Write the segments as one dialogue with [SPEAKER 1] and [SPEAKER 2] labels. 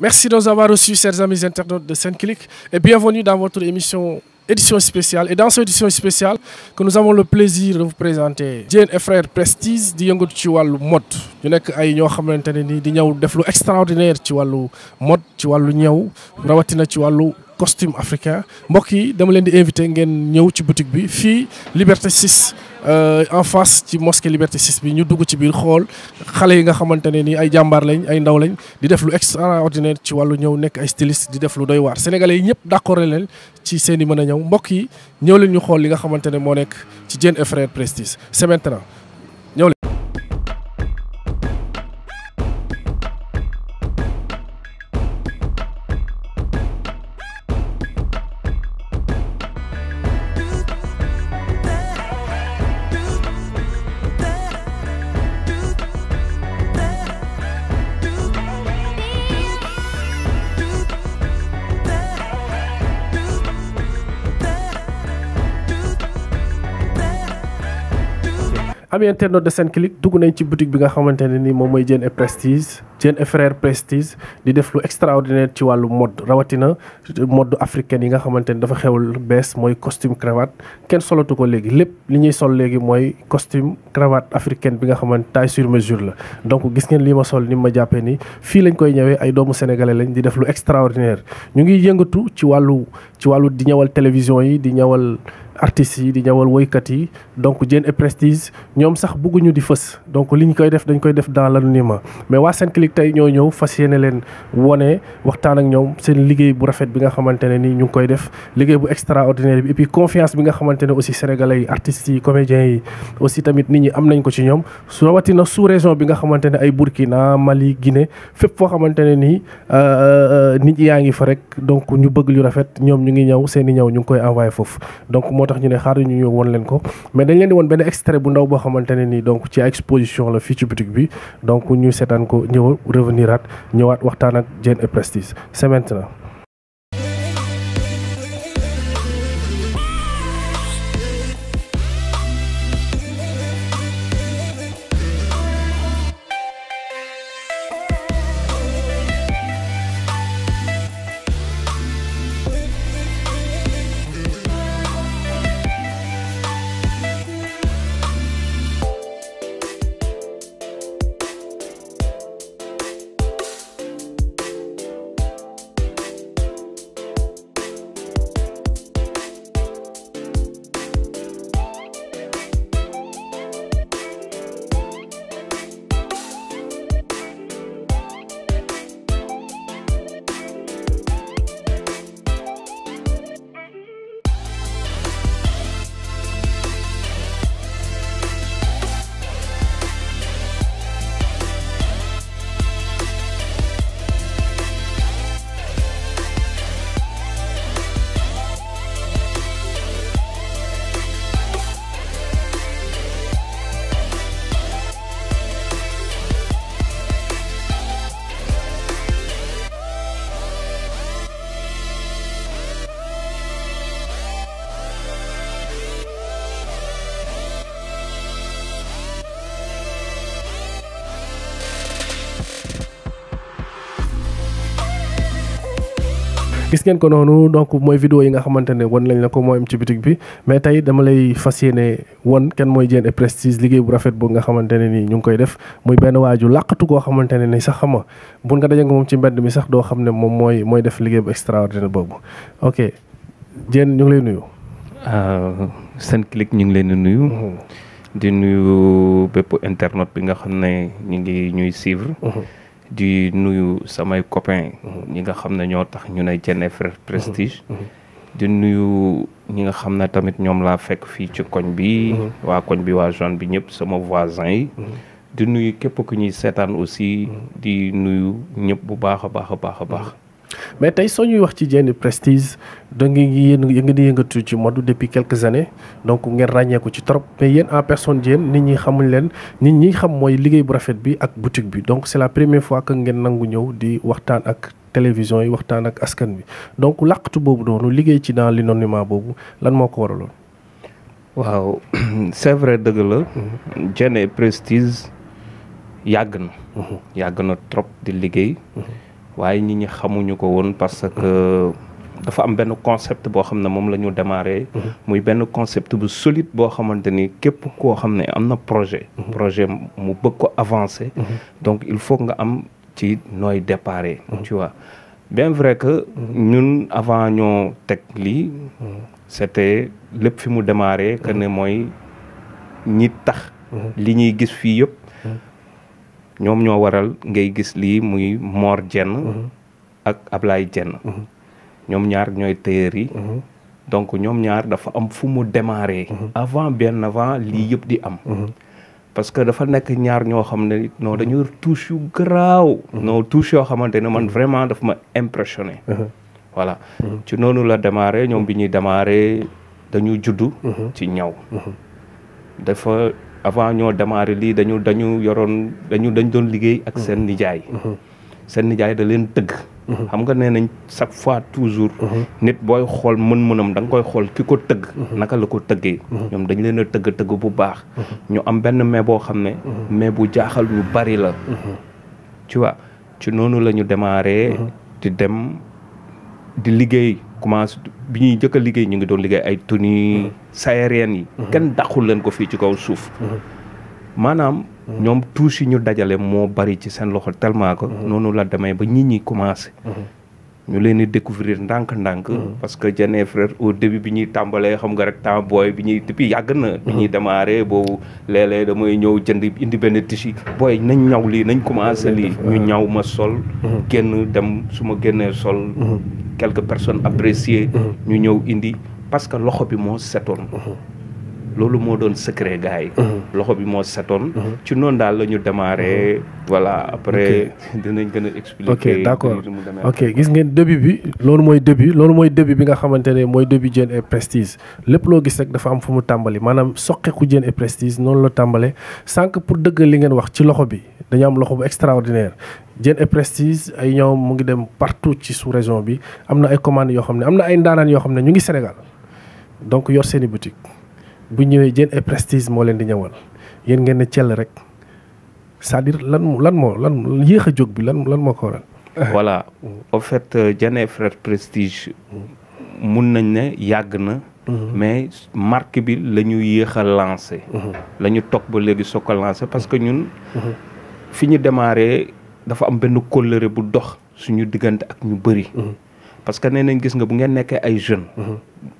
[SPEAKER 1] Merci de nous avoir reçus, chers amis internautes de Senclic, et bienvenue dans votre émission édition spéciale. Et dans cette édition spéciale que nous avons le plaisir de vous présenter Diène et Frères Prestige di yëngatu ci wàllu mode ñu nekk ay ñoo xamante ne ni di ñëw def lu extraordinaire ci wàllu mode ci wàllu ñëw rawatina ci wàllu costume africain mbokk yi dama leen di invité ngeen ñëw ci boutique bi fii Liberté 6. Euh, en face ci mosquée Liberté 6 bi ñu dugg ci biir xool xale yi nga xamante ne ni ay jàmbaar lañ ay ndaw lañ di def lu extraordinaire ci wàllu ñëw nekk ay styliste di def lu doy waar sénégalais yi ñëpp d'accord leen ci seen i mën a ñëw mbokk yi ñëw leen ñu xool li nga xamante ne moo nekk ci Diène et Frères Prestige c'est maintenant ñëw leen am internaute de Senclic dugg nañ ci boutique bi nga xamante ne ni moom mooy Diène et Prestige Diène et Prestige di def lu extraordinaire ci wàllu mode rawatina mode africain yi nga xamante ni dafa xewal bees mooy costume cravate kenn solatu ko léegi lépp li ñuy sol léegi mooy costume cravate africain bi nga xamante taille sur mesure la donc gis ngeen li ma sol ni ma jàppee ni fii lañ koy ñëwee ay doomu sénégalais lañ di def lu extraordinaire ñu ngi yëngatu ci wàllu ci wàllu di ñëwal télévision yi di ñëwal artistes yi di ñawal woykat yi donc Diène et Prestige ñoom sax bëgguñu di fës donc li ñu koy def dañ koy def dans l'anonymat mais waa Senclic tey ñoo ñëw fas yéene leen wone waxtaan ak ñoom seen liggéey bu rafet bi nga xamante ne ni ñu ngi koy def liggéey bu extraordinaire bi et puis confiance bi nga xamante ne aussi sénégalais yi artistes yi comédiens yi aussi tamit nit ñi am nañ ko ci ñoom rawatina sous région bi nga xamante ne ay Burkina Mali Guinée fépp foo xamante ne nii euh, euh, nit yaa ngi fa rek donc ñu bëgg lu rafet ñoom ñu ngi ñëw seen i ñëw ñu ngi koy envoyé foofu donc moo tax ñu ne xaar ñu ñëw woon leen ko mais dañ leen di woon benn extrait bu ndaw boo xamante ne nii donc ci exposition la fii ci boutique bi donc ñu seetaan ko ñëw revenir at ñëwaat waxtaan ak Diène et Prestige c'est maintenant gis ngeen ko noonu donc mooy vidéo yi nga xamante ne wan lañ la ko moo am ci boutique bi mais tey dama lay fas yéene wan kenn mooy Diène et Prestige liggéey bu rafet boobu nga xamante ne nii ñu ngi koy def muy benn waaju làqatu koo xamante ne ni sax xama bu nga daje nga moom ci mbedd mi sax doo xam ne moom mooy mooy def liggéey bu extraordinaire boobu ok Diène ñu ngi lay nuyu.
[SPEAKER 2] Ah, Senclic ñu ngi leen di nuyu. Mm-hmm. di nuyu bépp internet bi nga xam ne ñu ngi ñuy suivre. Mm-hmm. di nuyu samay copains. ñi nga xam ne ñoo tax ñu ne Diéne Frères Prestige. Mm-hmm. Mm-hmm. di nuyu ñi nga xam ne tamit ñoom laa fekk fii ci koñ bi. Mm-hmm. waa koñ bi waa zone bi ñëpp sama voisin yi. di nuyu képp ku ñuy seetaan aussi. di nuyu ñëpp bu baax a baax a baax a
[SPEAKER 1] baax. mais tey soo ñuy wax ci Dieyna Prestige da ngi yéen nga di yëngatu ci mode depuis quelques années donc ngeen ràññeeku ci trop mais yéen en personne Dieyna nit ñi xamuñ leen nit ñi xam mooy liggéey bu rafet bi ak boutique bi donc c'est la première fois que ngeen nangu ñëw di waxtaan ak télévision yi waxtaan ak askan bi donc làqatu boobu doonu liggéey ci dans l'anonymat boobu lan moo ko waraloon.
[SPEAKER 2] waaw c'est vrai dëgg la. Dieyna mhm. Prestige yàgg na. Mhm. yàgg na trop di liggéey. Mhm. waaye nit ñi xamuñu ko woon parce que dafa am benn concept boo xam ne moom la ñu démarré. muy benn concept bu solide boo xamante ni képp koo xam ne am na projet. projet mu bëgg ko avancer. donc il faut nga am ci nooy déparé. tu vois bien vrai que ñun avant ñoo teg lii. c'était lépp fi mu démarré que ne mooy ñi tax. li ñuy gis fii yëpp. ñoom ñoo waral ngay gis lii muy Mor jenn ak Ablaye jenn ñoom ñaar ñooy tailleur yi donc ñoom ñaar dafa am fu mu démarrer avant benn avant lii yëpp di am parce que dafa nekk ñaar ñoo xam ne non dañu touche yu garaaw non touche yoo xamante ne man vraiment dafa ma impressionné voilà ci noonu la démarré ñoom bi ñuy démarré dañuy juddu ci ñaw avant ñoo démarré lii dañu dañu yoroon dañu dañ doon liggéey ak mm-hmm. seen nijaay mm-hmm. seen nijaay da leen tëgg mm-hmm. xam nga nee nañ chaque fois toujours nit booy xool mën-mënam da nga koy xool ki ko tëgg naka la ko tëggee ñoom dañ leen a tëgg tëgg bu baax ñu am benn mais boo xam ne mais bu jaaxal ñu bari la tu vois ci noonu la ñu démarré di dem di liggéey commencé bi ñuy njëkk liggéey ñu ngi doon liggéey ay tenue saharienne yi mm-hmm. mm-hmm. kenn daqul leen ko fii ci kaw suuf mm-hmm. maanaam ñoom tuus yi ñu dajale moo bari ci seen loxo tellement que noonu la demee ba nit ñi commencé ñu leen di découvrir ndànk-ndànk. Mm. parce que Diané Frères au début bi ñuy tàmbalee xam nga rek temps booy bi ñuy depuis yàgg na. Mm. ñuy démarrer boobu léeg-léeg damay ñëw jënd indi benn tissu booy nañ ñaw lii nañ commencé lii ñu ñaw ma sol. Mm. génn dem su ma génnee sol. quelques personnes appréciées. ñu ñëw indi parce que loxo bi moo setoon. loolu moo doon secret gars yi. Mhm. loxo bi moo setoon. Mhm. ci noonu daal la ñu démarré. voilà après dinañ gën a expliquer. ok d'accord ok
[SPEAKER 1] gis ngeen début bi loolu mooy loolu mooy début bi nga xamante ne mooy début Diène et Prestige loo gis rek dafa am fu mu tàmbali maanaam soqeeku Diène et noonu la tàmbale sànq pour dëgg li ngeen wax ci loxo bi dañu am loxo bu extraordinaire. Diène et ay ñoom mu ngi dem partout ci sous région bi am na ay commandes yoo xam ne am na ay ndaanaan yoo xam ne ñu ngi Sénégal donc yor seen i boutique bu ñëwee Diène et Prestige moo leen di ñëwal yéen ngeen ne cell rek c'est-à-dire lan lan moo lan yéex a jóg bi lan lan moo ko waral.
[SPEAKER 2] voilà en mm. fait Diène euh, et Prestige mm. mun nañ ne yàgg na. Mm-hmm. mais marque bi la ñu yéex a lancé. Mm-hmm. toog ba léegi soo ko lancé parce que ñun. Mm-hmm. fi ñu démarré dafa am benn kóllëre bu dox suñu diggante ak ñu bëri. parce que nee nañ gis nga bu ngeen nekkee ay jeunes.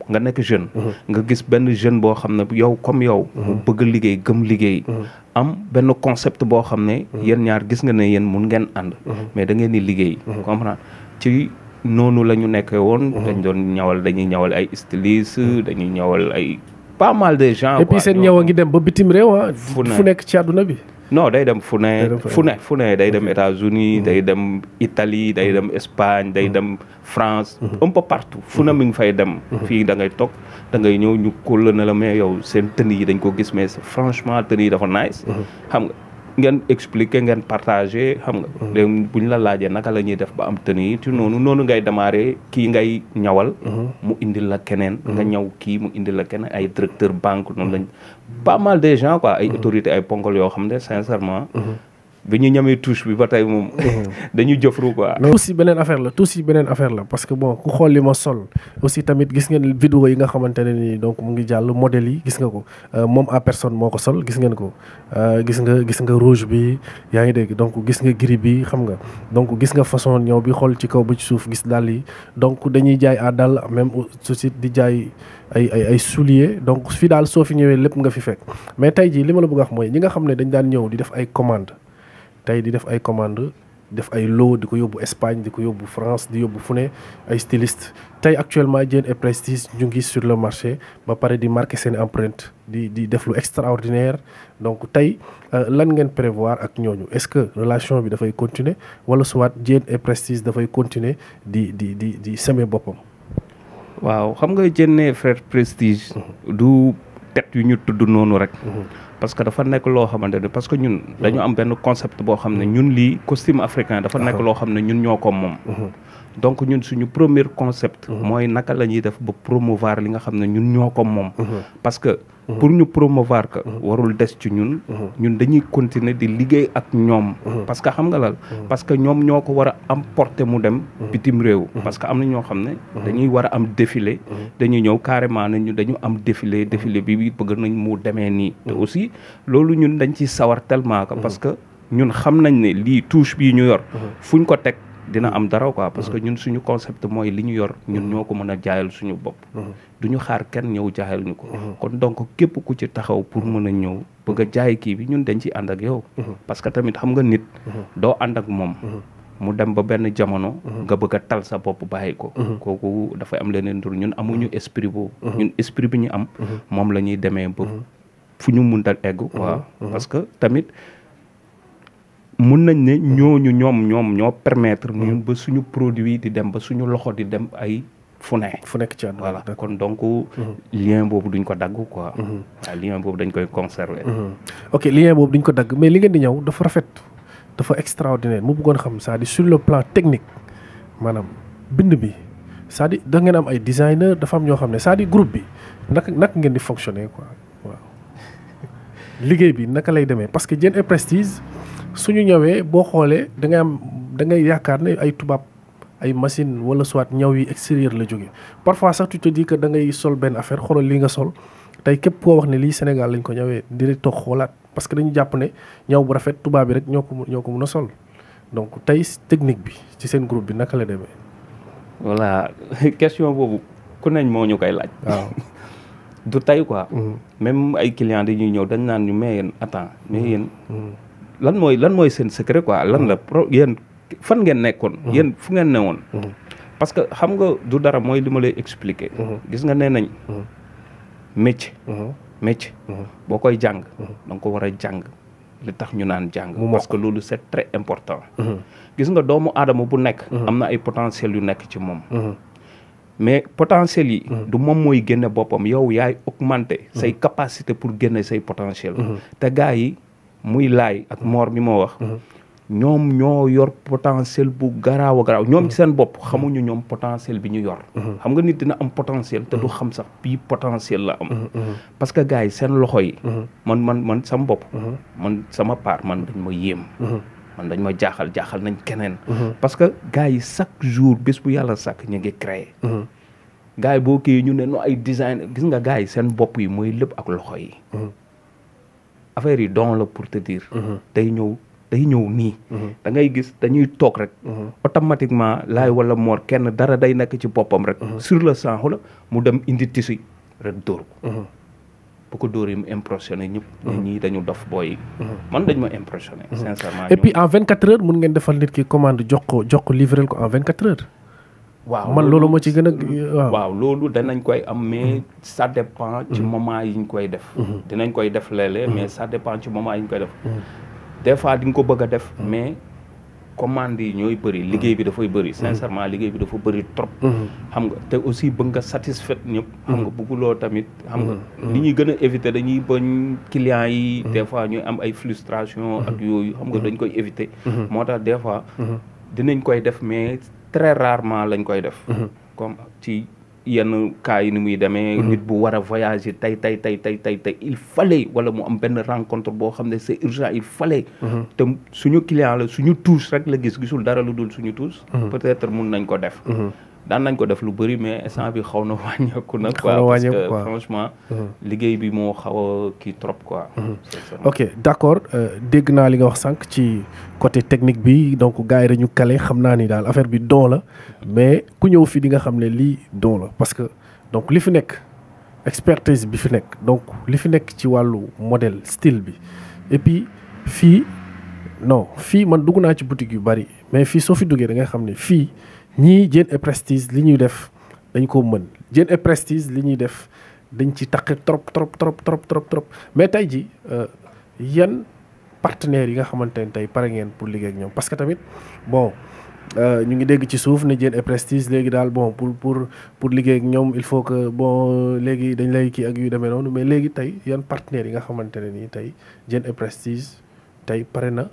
[SPEAKER 2] nga nekk jeune. Mhm. nga gis benn jeune boo xam ne yow comme yow. mu mhm. bëgg liggéey gëm liggéey. Mhm. am benn concept boo xam ne. yéen ñaar gis nga ne yéen mun ngeen ànd. mais da ngeen di liggéey. comprendre ci noonu la ñu nekkee woon. dañ doon ñawal dañuy ñawal ay styliste dañuy ñawal ay pas mal de gens. et puis seen
[SPEAKER 1] dem ba bitim réew ah, fu nekk ci àdduna bi.
[SPEAKER 2] non day dem fu ne fu ne fu day dem États-Unis mhm. day dem Italie day mhm. dem Espagne day mhm. dem France un peu partout fu ne mi ngi fay dem fii da ngay toog da ngay ñëw ñu kólla na la mais yow seen tenue yi dañ ko gis mais franchement tenue yi dafa nice xam nga ngeen expliquer ngeen partager xam nga léegi bu ñu la laajee naka la ñuy def ba am tenue yi ci noonu noonu ngay démarrer kii ngay ñawal mu indil la keneen nga ñaw kii mu indil la keneen ay directeur banque noonu lañ pas mal de gens quoi ay mm-hmm. autorités ay ponkal yoo xam ne sincèrement. Mm-hmm. bi ñu ñamee touche bi ba tey moom. dañuy jëfru quoi. mais
[SPEAKER 1] aussi beneen affaire la tous yi beneen affaire la parce que bon ku xool li ma sol aussi tamit gis ngeen vidéo yi nga xamante ne nii donc mu ngi jàll modèle yi gis nga ko euh, moom à personne moo ko sol gis ngeen ko euh, gis nga gis nga rouge bi yaa ngi dégg donc gis nga gris bi xam nga donc gis nga façon ñëw bi xool ci kaw ba ci suuf gis dàll yi donc dañuy jaay à dàll même aussi di jaay ay ay ay souliers donc fi daal soo fi ñëwee lépp nga fi fekk mais tey jii li ma la bëgg a mooy ñi nga xam ne daan ñëw di def ay commande tey di def ay commande def ay lot di ko yóbbu Espagne di ko yóbbu France di yóbbu fu ne ay styliste tey actuellement Diène et Prestige ñu ngi sur le marché ba pare di marqué seen empreinte di di def lu extraordinaire donc tey euh, lan ngeen prévoir ak ñooñu est-ce que relation bi dafay continuer wala soit Diène et Prestige dafay continuer di di di di semer boppam.
[SPEAKER 2] waaw xam nga Diène et Frères Prestige. Mhm. du tet yu ñu tudd noonu rek. Mhm. parce que dafa nekk loo xamante ne parce que ñun dañu am benn concept boo xam ne ñun lii costume africain dafa nekk loo xam ne ñun ñoo ko moom mhm. donc ñun suñu premier concept. Mhm. mooy naka la ñuy def ba promouvoir li nga xam ne ñun ñoo ko moom. Mhm. parce que mhm. pour ñu promouvoir que warul des ci ñun. ñun dañuy continuer di liggéey ak ñoom. parce que xam nga lal parce que ñoom ñoo ko war am emporter mu dem. bitim réew parce que am na ñoo xam ne. dañuy war a am défilé. dañuy ñëw carrément ñu dañu am défilé défilé bi bëgg nañ mu demee nii. te aussi loolu ñun dañ ci sawar tellement parce que ñun xam nañ ne lii touche bii ñu yor. dina am dara quoi parce que mm-hmm. ñun suñu concept mooy li ñu yor ñun mm-hmm. ñoo ko mën a jaayal suñu bopp mm-hmm. du ñu xaar kenn ñëw jaayal ñu ko kon donc képp ku ci taxaw pour mën a ñëw bëgg a jaay kii bi ñun dañ ciy ànd ak yow parce que tamit xam nga nit doo ànd ak moom mu dem ba benn jamono nga bëgg a tal sa bopp bàyyi ko kooku dafay am leneen tur ñun amuñu esprit boobu ñun esprit bi ñu am moom la ñuy demee ba fu ñu mun a egg quoi parce que tamit mun nañ ne ñooñu ñoom ñoom ñoo permettre ñun ba suñu produit di dem ba suñu loxo di dem ay fu ne fu nekk ci àdduna voilà kon donc mhm. lien boobu duñ ko dagg quoi mhm. waaw lien boobu dañ koy conserver
[SPEAKER 1] mhm. ok lien boobu duñ ko dagg mais li ngeen di ñëw dafa rafet dafa extraordinaire mu buggoon xam saa di sur le plan technique maanaam bind bi cest di dire da ngeen am ay designer dafa am ñoo xam ne saa di groupe bi naka naka ngeen di fonctionner quoi waaw liggéey bi naka lay demee parce que Diène et suñu ñëwee boo xoolee da ngay am da ngay yaakaar ne ay tubaab ay machine wala soit ñaw yi extérieur la jóge parfois sax tu te dis da ngay sol benn affaire xoolal li nga sol tey képp koo wax ne lii Sénégal lañ ko ñëwee dina toog xoolaat parce que dañu jàpp ne ñaw bu rafet tubaab yi rek ñoo ko ñoo ko mun a sol donc tey technique bi ci seen groupe bi naka la demee.
[SPEAKER 2] voilà question boobu ku nañ moo ñu koy laaj. waaw du tey quoi. Mm-hmm. même ay clients dañuy ñëw dañ naan ñu mais yéen attends mais mm-hmm. yéen. Mm-hmm. lan mooy lan mooy seen secret quoi lan la ah. pro yéen fan ngeen nekkoon. Ah. yéen fu ngeen newoon. Ah. parce que xam nga du dara mooy li ma lay expliquer. gis nga nee nañ. métier. métier. boo koy jàng. da ko war a jàng. li tax ñu naan jàng. parce que loolu c'est très important. gis nga doomu aadama bu nekk. am na ay potentiel yu nekk ci moom. mais potentiel yi. du moom mooy génne boppam yow yaay augmenter. say capacité pour génne say potentiel. te gars yi. muy laay ak moor mi moo wax mm-hmm. ñoom ñoo yor potentiel bu garaaw a ñoom mm-hmm. seen bopp xamuñu ñoom potentiel bi ñu yor mm-hmm. xam nga nit dina am potentiel te du xam sax bii potentiel la am parce que gars yi seen loxo yi man man man sama bopp man sama part man dañ ma yéem man dañ ma jaaxal jaaxal nañ keneen parce que gars yi chaque jour bés bu yàlla sàkk ñu ngi créer gars yi boo kii ñu ne no ay design gis nga gars yi seen bopp yi mooy lépp ak loxo yi affaire yi don la pour te dire. Mhm. day ñëw day ñëw nii. Mhm. da gis dañuy toog rek. Mhm. automatiquement laay wala moor kenn dara day nekk ci boppam rek. sur le sang la mu dem indi tissu rek dóor ko. bu ko dóoree mu impressionné dañu dof booy yi. man dañ ma impressionné. sincèrement et puis
[SPEAKER 1] en 24 heures mun ngeen defal nit ki commande jox ko ko livré ko en 24 waaw man loolu ma ci gën mm-hmm.
[SPEAKER 2] waaw loolu danañ koy am mais sa mm-hmm. mm-hmm. dépend ci moment yi ñu koy def dinañ koy def léeg-léeg mais sa dépend ci moment yi koy def des fois di nga ko bëgg def mais commande yi ñooy bëri liggéey bi dafay bëri sincèrement liggéey bi dafa bëri trop xam nga te aussi bëgg nga satisfait ñëpp xam nga bugguloo tamit xam nga li ñuy gën a dañuy bañ clients yi des fois ñuy am ay frustration ak yooyu xam nga dañ koy éviter moo tax des fois dinañ koy def mais très rarement lañ koy def. Mm-hmm. comme ci yenn cas yi nu muy demee. Mm-hmm. nit bu war a voyager tey tey tey tey tey tey il fallait wala mu am benn rencontre boo xam ne c'est urgent il fallait. Mm-hmm. te suñu client la suñu touche rek la gis gisul dara lu dul suñu touche. peut-être mun nañ ko def. daan nañ ko def lu bëri mais instant bi xaw na wàññeeku nag. xaw na wàññeeku mhm. liggéey bi moo xaw a kii trop quoi.
[SPEAKER 1] Mhm. ok d' accord euh, dégg naa li nga wax sànq ci côté technique bi donc gars yi dañu kale xam naa ni daal affaire bi don mais ku ñëw fii di nga xam ne lii don parce que donc li fi nekk expertise bi fi nekk donc li fi nekk ci wàllu modèle style bi et fii non fii man dugg naa ci boutique yu bari mais fii soo fi duggee da nga xam ne fii. ñii Diène et Prestige li ñuy def dañ ko mën Diène et Prestige li ñuy def dañ ci taq trop trop trop trop trop trop mais tey ji euh, yan partenaires yi nga xamante ne tey pare ngeen pour liggéey ak ñoom parce que tamit bon euh, ñu ngi dégg ci suuf ne Diène et Prestige léegi daal bon pour pour pour liggéey ak ñoom il faut que bon léegi dañ lay kii ak yu demee noonu mais léegi tey yan partenaires yi nga xamante ne nii tey Diène et Prestige tey pare na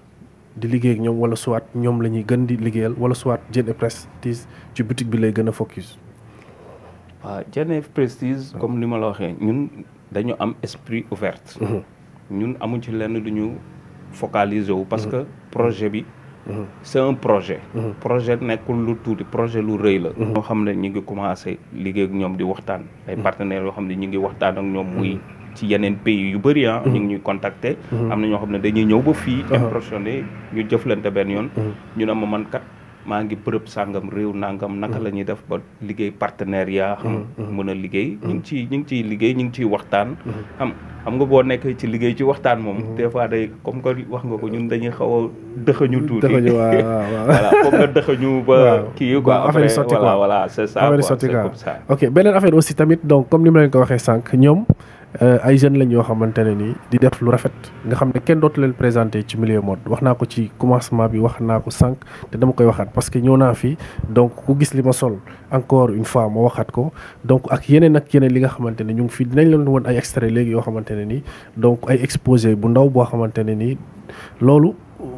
[SPEAKER 1] di liggéey ak ñoom wala soit ñoom la ñuy gën di liggéeyal wala soit Diène et Prestige ci boutique bi lay gën a focus.
[SPEAKER 2] waaw Diène et Prestige comme ni ma la waxee ñun dañu am esprit ouverte mhm. ñun amu ci lenn du ñu focaliser wu. parce mhm. que projet bi. Mhm. c'est un projet. projet nekkul lu tuuti projet lu rëy la. ñoo xam ne ñu ngi commencé liggéey ak ñoom di waxtaan. ay partenaires yoo xam ne ñu ngi waxtaan ak ñoom muy. ci yeneen pays yu bëri ah. Mhm. ñu ngi ñuy contacter. Mhm. am na ñoo xam ne dañuy ñëw ba fii. Mhm. impressionné ñu jëf jëflante benn yoon. ñu ne ma kat maa ngi bërëb sàngam réew nangam. naka la ñuy def ba liggéey partenariat. xam mën a liggéey. ñu ngi ciy ñu ngi ciy liggéey ñu ngi ciy waxtaan. xam xam nga boo nekkee ci liggéey ci waxtaan moom. des fois day comme que wax nga ko ñun dañuy xaw a dëxëñu tuuti. dëxëñu waaw waaw voilà comme que dëxëñu ba. kii quoi affaire sotti quoi voilà voilà c'est ça quoi c'est comme ça.
[SPEAKER 1] ok beneen affaire aussi tamit donc comme ni ma leen ko waxee sànq ñoom. Euh, ay jeunes lañ yoo xamante ne nii di def lu rafet nga xam ne kenn dootu leen présenté ci milieu mode wax naa ko ci commencement bi wax naa ko sànq te dama koy waxaat parce que ñëw naa fi donc ku gis li ma sol encore une fois ma waxaat ko donc ak yeneen ak yeneen li nga xamante ne ñu ngi fi dinañ leen woon ay extrait léegi yoo xamante ne nii donc ay exposé bu ndaw boo xamante ne nii loolu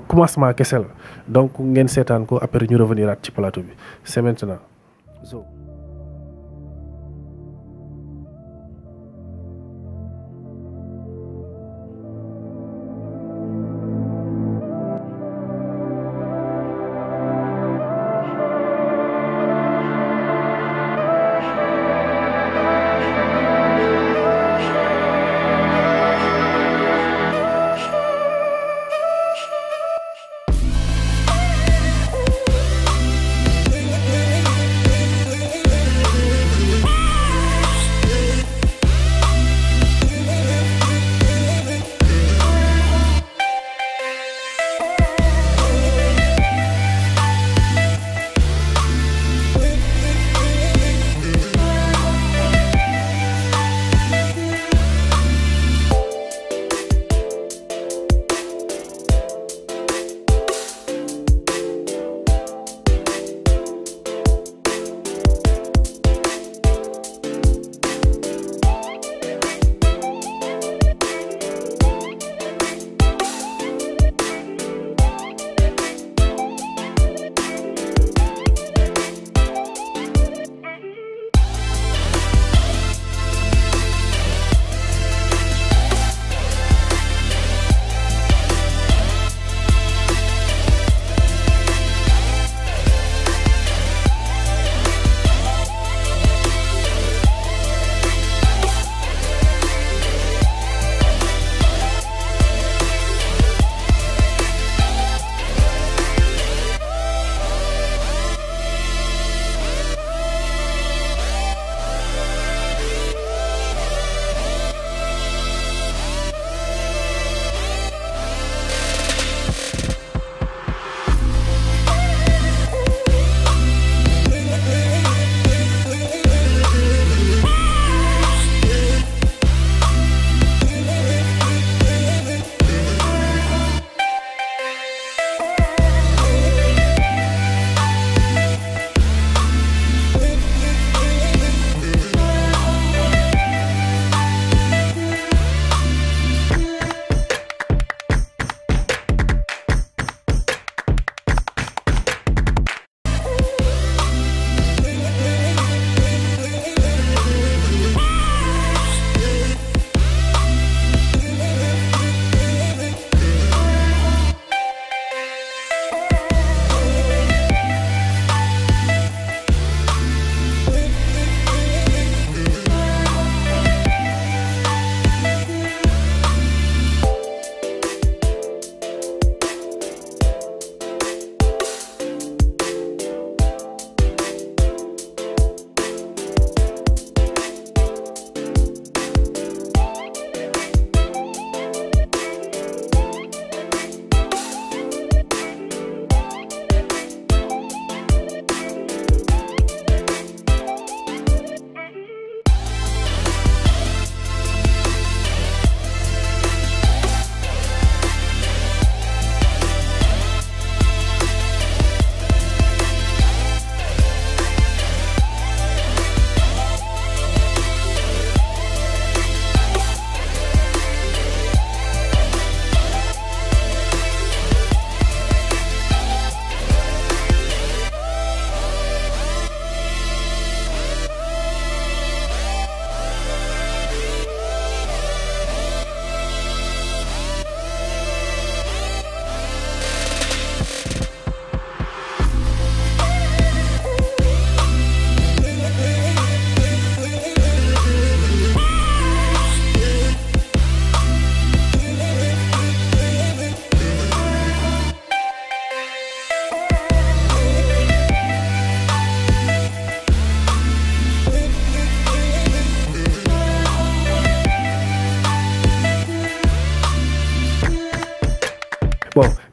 [SPEAKER 1] commencement kese la donc ngeen seetaan ko après ñu revenir at ci plateau bi c'est maintenant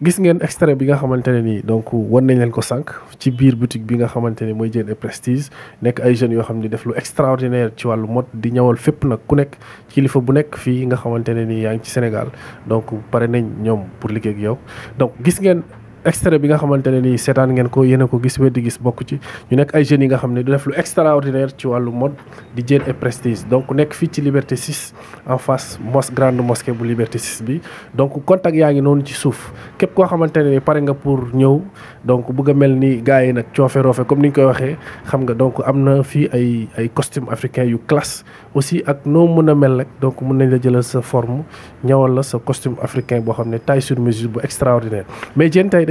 [SPEAKER 1] gis ngeen extrait bi nga xamante ne nii donc wan nañ leen ko sànq ci biir boutique bi nga xamante ne mooy Diène et Prestige nekk ay jeunes yoo xam ne def lu extraordinaire ci wàllu mode di ñawal fépp nag ku nekk kilifa bu nekk fii nga xamante ne nii yaa ngi ci Sénégal donc pare nañ ñoom pour liggéey ak yow donc gis ngeen. extrait bi nga xamante ne nii seetaan ngeen ko yéen a ko gis weddi gis bokk ci ñu nekk ay jeunes yi nga xam ne du def lu extraordinaire ci wàllu mode di jeen et prestige donc nekk fii ci Liberté 6 en face mos grande mosquée bu Liberté 6 bi donc contact yaa ngi noonu ci suuf képp koo xamante ne ni pare nga pour ñëw donc bëgg a mel ni gars yi nag coofe roofe comme ni ñu koy waxee xam nga donc am na fii ay ay costume africain yu classe aussi ak noo mën a mel nag donc mën nañ la jëlal sa forme ñëwal sa costume africain boo xam ne taille sur bu extraordinaire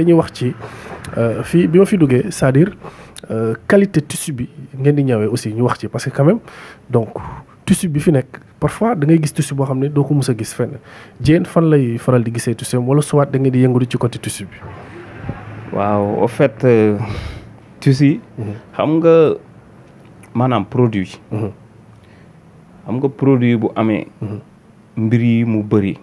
[SPEAKER 1] dañuy wax ci euh, fi bi ma fi duggee c'est-à-dire euh, qualité tissu bi ngeen di ñawee aussi ñu wax ci parce que quand donc tissu bi fi nekk parfois da ngay gis tissu boo xam ne doo ko mës a gis fen jéen fan lay faral di gisee tissu wala soit da ngeen di yëngatu ci côté tissu
[SPEAKER 2] waaw au fait euh, tissu mhm. xam nga maanaam produit. Mhm. xam nga produit bu amee. Mhm. mbir mu bëri.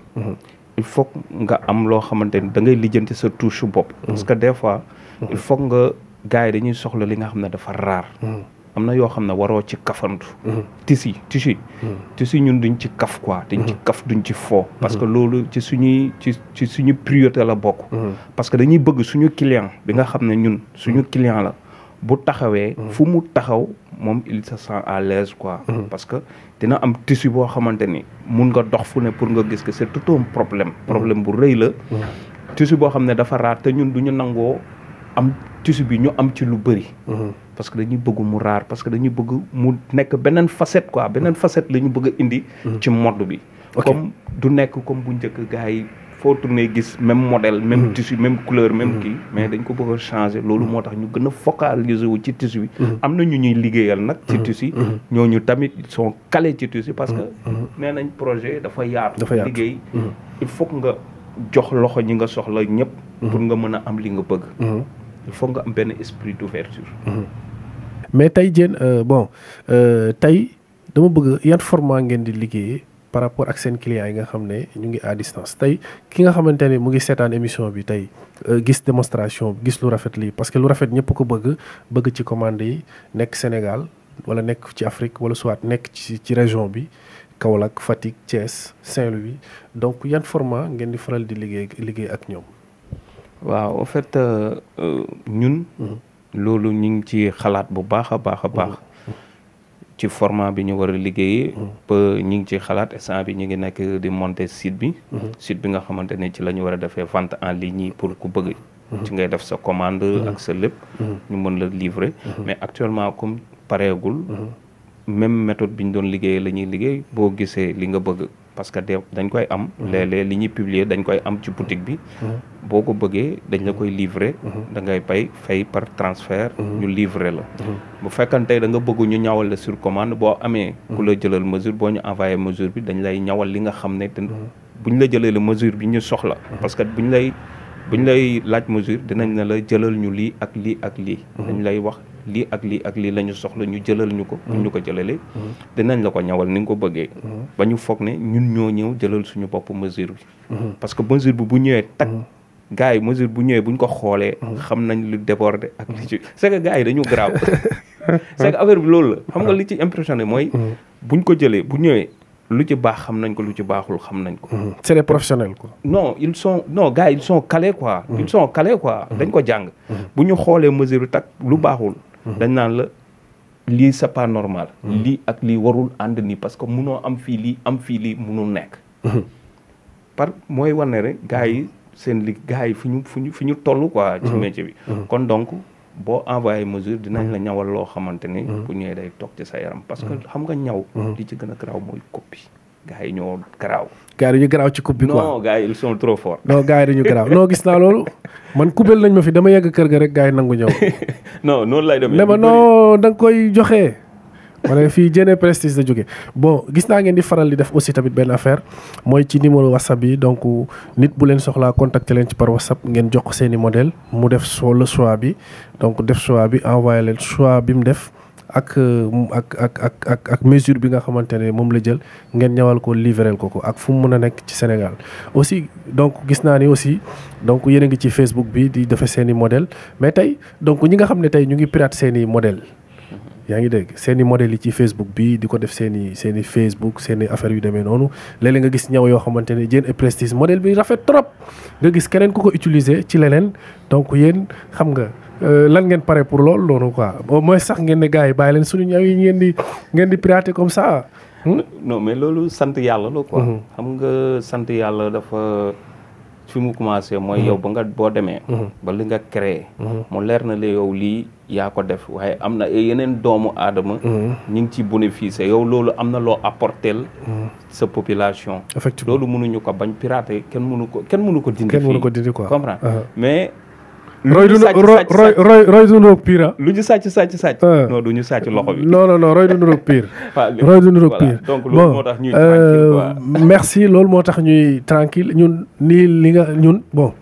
[SPEAKER 2] il nga am loo xamante ni da ngay lijjanti sa touche bopp. Mm. parce que des fois. Mm. il faut nga gars yi dañuy soxla li nga xam ne dafa raar. Mm. am na yoo xam ne waroo ci kafantu. tisi tisi. tisi ñun duñ ci kaf quoi. dañ kaf duñ ci foo. parce que loolu ci suñuy ci ci suñu priorité la bokk. parce que dañuy bëgg suñu client bi nga xam ne ñun suñu client la. bu taxawee. Mm-hmm. fu mu taxaw moom il se sent à l'aise quoi. Mm-hmm. parce que dina am tissu boo xamante ni mun nga dox fu ne pour nga gis que c'est tout un problème. Mm-hmm. problème bu rëy la. tissu boo xam ne dafa raar te ñun du ñu nangoo am tissu bi ñu am ci lu bëri. parce que dañuy bëgg mu raar parce que dañuy bëgg mu nekk beneen facette quoi beneen facette la ñu bëgg a indi. ci modd bi. comme du nekk comme bu njëkk gars yi foo tourné gis même modèle même mm-hmm. tissu même couleur même mm-hmm. kii mais dañ ko bëgg a changer loolu moo tax ñu gën a focaliser wu ci tissu mm-hmm. am na ñu ñuy liggéeyal nag ci tissu yi ñooñu tamit sont calés ci tissu parce que nee nañ projet dafa yaatu liggéey il faut nga jox loxo ñi nga soxla ñëpp pour nga mën a am lii nga bëgg il faut nga am benn esprit d'ouverture
[SPEAKER 1] mais tey jéen euh, bon euh, tey dama bëgg yan format ngeen di liggéeyee par rapport ak seen clients yi nga xam ne ñu ngi à distance tey ki nga xamante ne mu ngi seetaan émission bi tey euh, gis démonstration gis lu rafet li parce que lu rafet ñëpp ko bëgg bëgg ci commande yi nekk Sénégal wala nekk ci Afrique wala soit nekk ci ci région bi Kaolack Fatick Thiès saint bi donc yan format ngeen di faral di liggéey liggéey ak ñoom.
[SPEAKER 2] waaw en fait euh, euh, ñun. Mm-hmm. loolu ñu ngi ci xalaat bu baax a baax a baax. ci format bi ñu war a liggéey mmh. ba ñi ci xalaat instant bi ñu ngi nekk di monter site bi mmh. site bi nga xamante ne ci la ñu war a defee vente en ligne yi pour ku bëgg mmh. ci ngay def sa commande ak sa lépp ñu mën la livrer mais actuellement comme pareegul même méthode bi ñu doon liggéey la ñuy liggéey boo gisee li nga bëgg parce que dañ koy am mhm. léeg-léeg li ñuy publier dañ koy am ci boutique bi mhm. Mhm. boo ko bëggee dañ la koy livrer da ngay pay fay par transfert ñu livrer la bu fekkante da nga bëgg ñu ñawal la sur commande boo amee ku la jëlal mesure boo ñu envoyé mesure bi dañ lay ñawal li nga xam ne te buñ la jëlee la mesure bi ñu soxla parce que buñ lay buñ lay laaj mesure dinañ ne la jëlal ñu lii ak lii ak lii dañ lay wax lii ak lii ak lii la ñu soxla ñu jëlal ñu ko bu ñu ko jëlalee mm-hmm. dinañ la ko ñawal ni nga ko bëggee mm-hmm. ba ñu foog ne ñun ñoo ñëw jëlal suñu bopp mesure bi mm-hmm. parce que mesure bi bu ñëwee tak gars yi mesure bu ñëwee buñ ko xoolee xam nañ lu débordé ak li ci c'est que yi dañu grave c'est que affaire bi loolu la xam nga li ci impressionné mooy buñ ko jëlee bu ñëwee lu ci baax xam nañ ko lu ci baaxul xam nañ ko.
[SPEAKER 1] c'est des professionnels quoi.
[SPEAKER 2] non ils sont non gars ils sont calés quoi. ils sont calés quoi. dañ ko jàng. bu ñu xoolee mesure tak lu baaxul. Mhm. dañ naan la lii c'est pas normal. Mhm. lii ak lii warul ànd nii parce que munoo am fii lii am fii lii munul nekk. Mhm. par mooy wane rek gars yi seen li gars yi fu ñu fu ñu fu ñu toll quoi. ci métier bi kon donc. boo envoyé mesure dinañ la ñawal loo xamante ni. bu ñëwee day toog ci sa yaram. parce que xam nga ñaw. li ci gën a garaaw mooy copie. gaa yi ñoo garaaw.
[SPEAKER 1] gars yi dañu garaaw ci coupe bi quoi non
[SPEAKER 2] gars yi ils sont trop forts. garaaw non
[SPEAKER 1] gis naa loolu man kubéel nañ ma fi dama yegg kër ga rek gars yi nangu ñëw.
[SPEAKER 2] non noonu lay demee. dama non
[SPEAKER 1] da nga koy joxe. wala fii Jene Prestige la jóge bon gis naa ngeen di faral di def aussi tamit benn affaire mooy ci numéro whatsapp bi donc nit bu leen soxlaa contacter leen ci par whatsapp ngeen jox ko seen i modèle mu def soo le choix bi donc def choix bi envoyé leen choix bi mu def. ak ak ak ak ak ak mesure bi nga xamante ne moom la jël ngeen ñawal ko livreel ko ko ak fu mu mën a nekk ci Sénégal. aussi donc gis naa ni aussi donc yéen a ngi ci Facebook bi di defee seeni i modèle mais tey donc ñi nga xam ne tey ñu ngi pirate seen i modèle yaa ngi dégg seen i modèles yi ci Facebook bi di ko def seeni i seen i Facebook seen affaire yu demee noonu léeg nga gis ñaw yoo xamante ne Diène et Prestige modèle bi rafet trop nga gis keneen ku ko utiliser ci leneen donc yéen xam nga. Euh, lan ngeen pare pour loolu loolu quoi au moins sax ngeen ne gars yi bàyyi leen suñu ñaw yi ngeen di ngeen di pirater comme ça. Hmm? non mais loolu sant
[SPEAKER 2] yàlla la ko hmm. xam nga sant yàlla dafa fi mu commencé. mooy hmm. yow ba nga boo demee. ba li nga créé. mu leer na la yow lii yaa ko def waaye am na yeneen doomu aadama. ñu ngi ci bénéficier yow loolu am na loo apporter sa population. effectivement loolu mënuñu ko bañ pirater kenn mënu ko kenn mënu ko dindi. ko dindi quoi comprendre uh-huh. mais. Mm-hmm. roy du roy roy roy du
[SPEAKER 1] nuroog pire ah. lu ñu sàcc sàcc sàcc. Ah. du ñu sàcc loxo bi. non non roy du nuroog pire. roy du donc loolu moo tax ñuy euh, merci loolu moo tax ñuy tranquille ñun nii li nga ñun bon.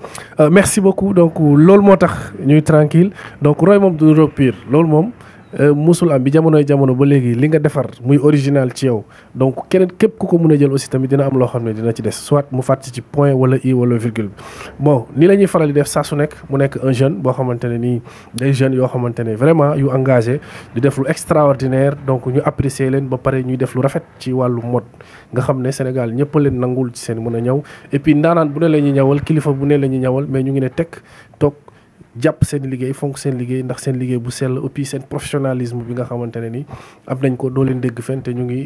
[SPEAKER 1] Euh, merci beaucoup donc loolu moo tax ñuy tranquille donc roy moom du nuroog pire loolu moom. Euh, musul am bi jamonoy jamono ba léegi li nga defar muy original ci yow donc keneen képp ku ko mën a jël aussi tamit dina am loo xam ne dina ci des soit mu fàtt ci point wala i wala virgule bi ni la ñuy faral di def saa su nekk mu nekk un jeune boo xamante ne nii des jeunes yoo xamante ne vraiment yu engagé di def lu extraordinaire donc ñu apprécier leen ba pare ñuy def lu rafet ci wàllu mode nga xam ne Sénégal ñëpp leen nangul ci seen mën a ñëw et puis bu ne la ñuy ñawal kilifa bu ne la ñuy ñawal mais ñu ngi ne tekk toog jàpp seen liggéey fonk seen liggéey ndax seen liggéey bu sell et puis seen professionnalisme bi nga xamante ne ni am nañ ko doo leen dégg fen te ñu ngi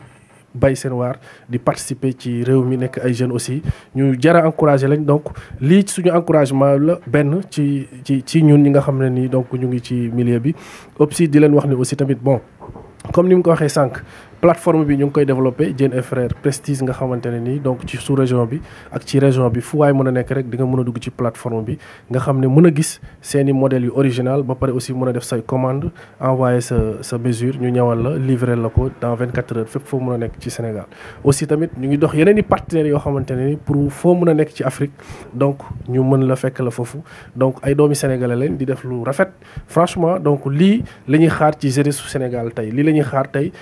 [SPEAKER 1] bay seen waar di participer ci réew mi nekk ay jeunes aussi ñu jara encouragé lañ donc lii suñu encouragement la benn ci ci ci ñun ñi nga xam ne nii donc ñu ngi ci milieu bi aussi di leen wax ni aussi tamit bon comme ni mu ko waxee sànq plateforme bi ñu ngi koy développé Diène et Frères Prestige nga xamante ne nii donc ci sous région bi ak ci région bi fu waay mën a nekk rek di nga mën a dugg ci plateforme bi nga xam ne mën a gis seen i modèles yu original ba pare aussi mën a def say commande envoyé sa sa mesure ñu la livré la ko dans 24 heures fépp foo mën a nekk ci Sénégal aussi tamit ñu ngi dox yeneen i partenaires yoo xamante ne ni pour foo mën a nekk ci Afrique donc ñu mën la fekk la foofu donc ay doomi sénégalais di def lu rafet franchement donc lii la ñuy xaar ci jeunesse Sénégal tey lii la ñuy xaar tey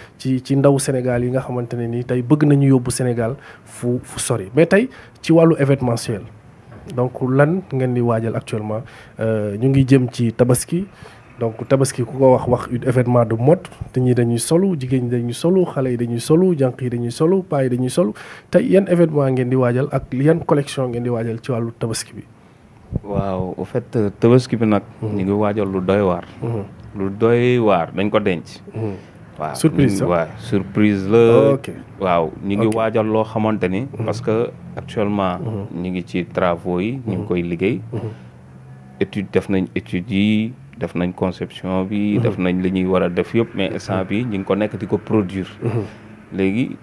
[SPEAKER 1] ndawu Sénégal yi nga xamante ne nii tey bëgg nañu yóbbu Sénégal fu fu sori mais tey ci wàllu événementiel donc lan ngeen di waajal actuellement euh, ñu ngi jëm ci tabaski donc tabaski ku ko wax wax une événement de mode te ñi dañuy solu jigéen ñi dañuy solu xale yi dañuy solu jànq yi dañuy solu paa yi dañuy solu tey yan événement ngeen di waajal ak yan collection ngeen di waajal ci wàllu tabaski bi. waaw
[SPEAKER 2] u fait euh, tabaski bi nag. Mhm. ñu ngi waajal lu doy waar. Mhm. waaw surprise ah? waaw surprise la. waaw ñu ngi waajal loo xamante ni. Mhm. parce que actuellement. Mhm. ñu ngi ci travaux yi. ñu ngi mhm. koy liggéey. étude def nañ étude yi def nañ conception bi. def nañ li ñuy war a def yëpp mais instant bi ñu ngi ko nekk ko produire. léegi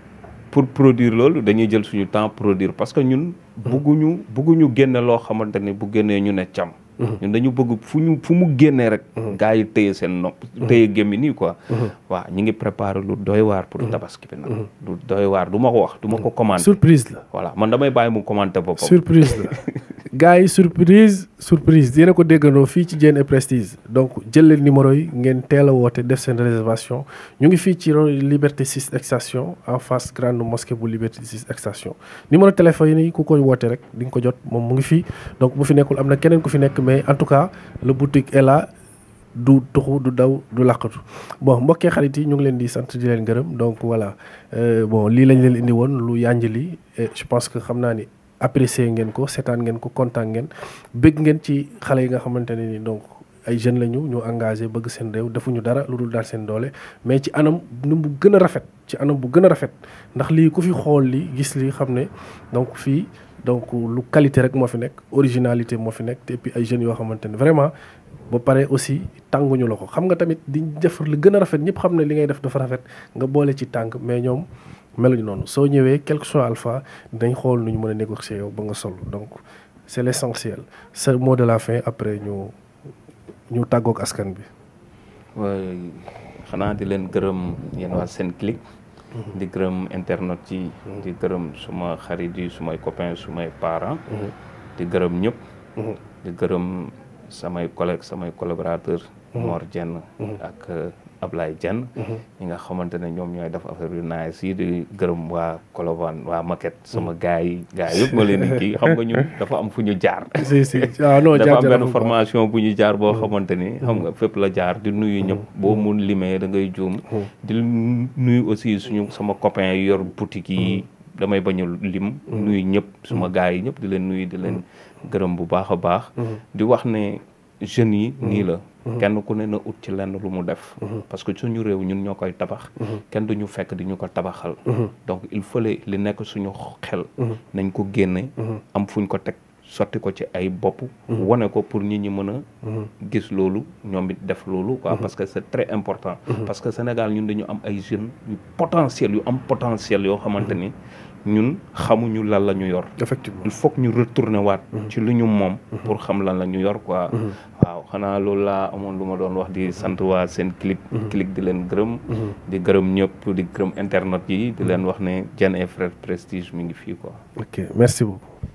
[SPEAKER 2] pour produire loolu dañuy jël suñu temps produire parce que ñun. bugguñu bugguñu génne loo xamante ni bu génnee ñu ne cam. ñun dañu bëgg fu ñu fu mu génnee rek. Mhm. gars yi téye seen nopp. Mhm. téye gémmi nii quoi. Mhm. waaw ñu ngi préparé lu dooy waar pour tabaski bi nag. lu dooy waar du ma ko wax du ma ko commandé. surprise la voilà man damay bàyyi mu commenté boppam. surprise la.
[SPEAKER 1] gars yi surprise surprise dina ko déggandoo fii ci Diène et Prestige donc jël leen numéro yi ngeen teel a woote def seen réservation ñu ngi fii ci Liberté 6 Extension en face grande mosquée bu Liberté 6 Extension numéro téléphone yi ku koy woote rek di nga ko jot moom mu ngi fii donc bu fi nekkul am na keneen ku fi nekk mais en tout cas le boutique est là du tuxu du daw du làqatu bon mbokkee xarit yi ñu ngi leen di sant di leen gërëm donc voilà euh, bon lii lañ leen woon lu yànj li je pense que xam naa ni apprécier ngeen ko seetaan ngeen ko kontaan ngeen bëgg ngeen ci xale yi nga xamante ne ni donc ay jeunes lañu ñu engagé bëgg seen réew defuñu dara lu dul daal seen doole mais ci anam nu mu gën a rafet ci anam bu gën a rafet ndax lii ku fi xool li gis li xam ne donc fii donc lu qualité rek moo fi nekk originalité moo fi nekk te et ay jeunes yoo xamante ne vraiment ba pare aussi tànguñu la ko xam nga tamit di def li gën a rafet ñëpp xam ne li ngay def dafa rafet nga boole ci tàng mais ñoom meluñu noonu soo ñëwee quel que soit alpha dañ xool nu ñu mën a négocier yow ba nga sol donc c'est l'essentiel c'est le mot de la fin après ñu ñu tàggoog askan bi.
[SPEAKER 2] xanaa di leen gërëm yéen waa Senclic. Mhm. di gërëm internet yi. Mhm. di gërëm suma xarit yi sumay copains sumay parent mhm. di gërëm ñëpp. di gërëm samay collègues samay collaborateurs. Mor Dieng ak. Euh, Ablaye Dieng mhm. ñi nga xamante ne ñoom ñooy def affaire yu naay si di gërëm waa Colobane waa Maquette sama mhm. gars yi gars yëpp ma leen di xam nga ñun dafa am fu ñu jaar
[SPEAKER 1] si si ah, dafa am benn formation
[SPEAKER 2] bu ñu jaar boo mhm. xamante ni xam nga fépp la jaar di nuyu ñëpp boo mun limee da ngay juum di nuyu aussi suñu sama copain yu yor boutique yi damay bañu lim nuyu ñëpp suma gars yi ñëpp di leen nuyu di leen gërëm bu baax a baax di wax ne jeunes yi mm-hmm. nii la mm-hmm. kenn ku ne na ut ci lenn lu mu def mm-hmm. parce que suñu réew ñun ñoo koy tabax kenn du ñu fekk di ñu ko tabaxal donc il fallait li nekk suñu xel nañ ko génne am fuñ ko teg sotti ko ci ay bopp wane ko pour nit ñi mën a gis loolu ñoom it def loolu quoi parce que c'est très important parce que Sénégal ñun dañu am ay jeunes yu potentiel yu am potentiel yoo xamante ni ñun xamuñu lan la ñu yor. effectivement il ñu retourner waat. Mm-hmm. ci lu ñu moom. Mm-hmm. pour xam lan la ñu yor quoi. Mm-hmm. waaw xanaa loolu laa amoon lu ma doon wax di sant waa seen clic. clic di leen gërëm. di gërëm ñëpp di gërëm internet yi di leen wax ne Diène et Frères Prestige mi ngi fii quoi.
[SPEAKER 1] ok merci beaucoup.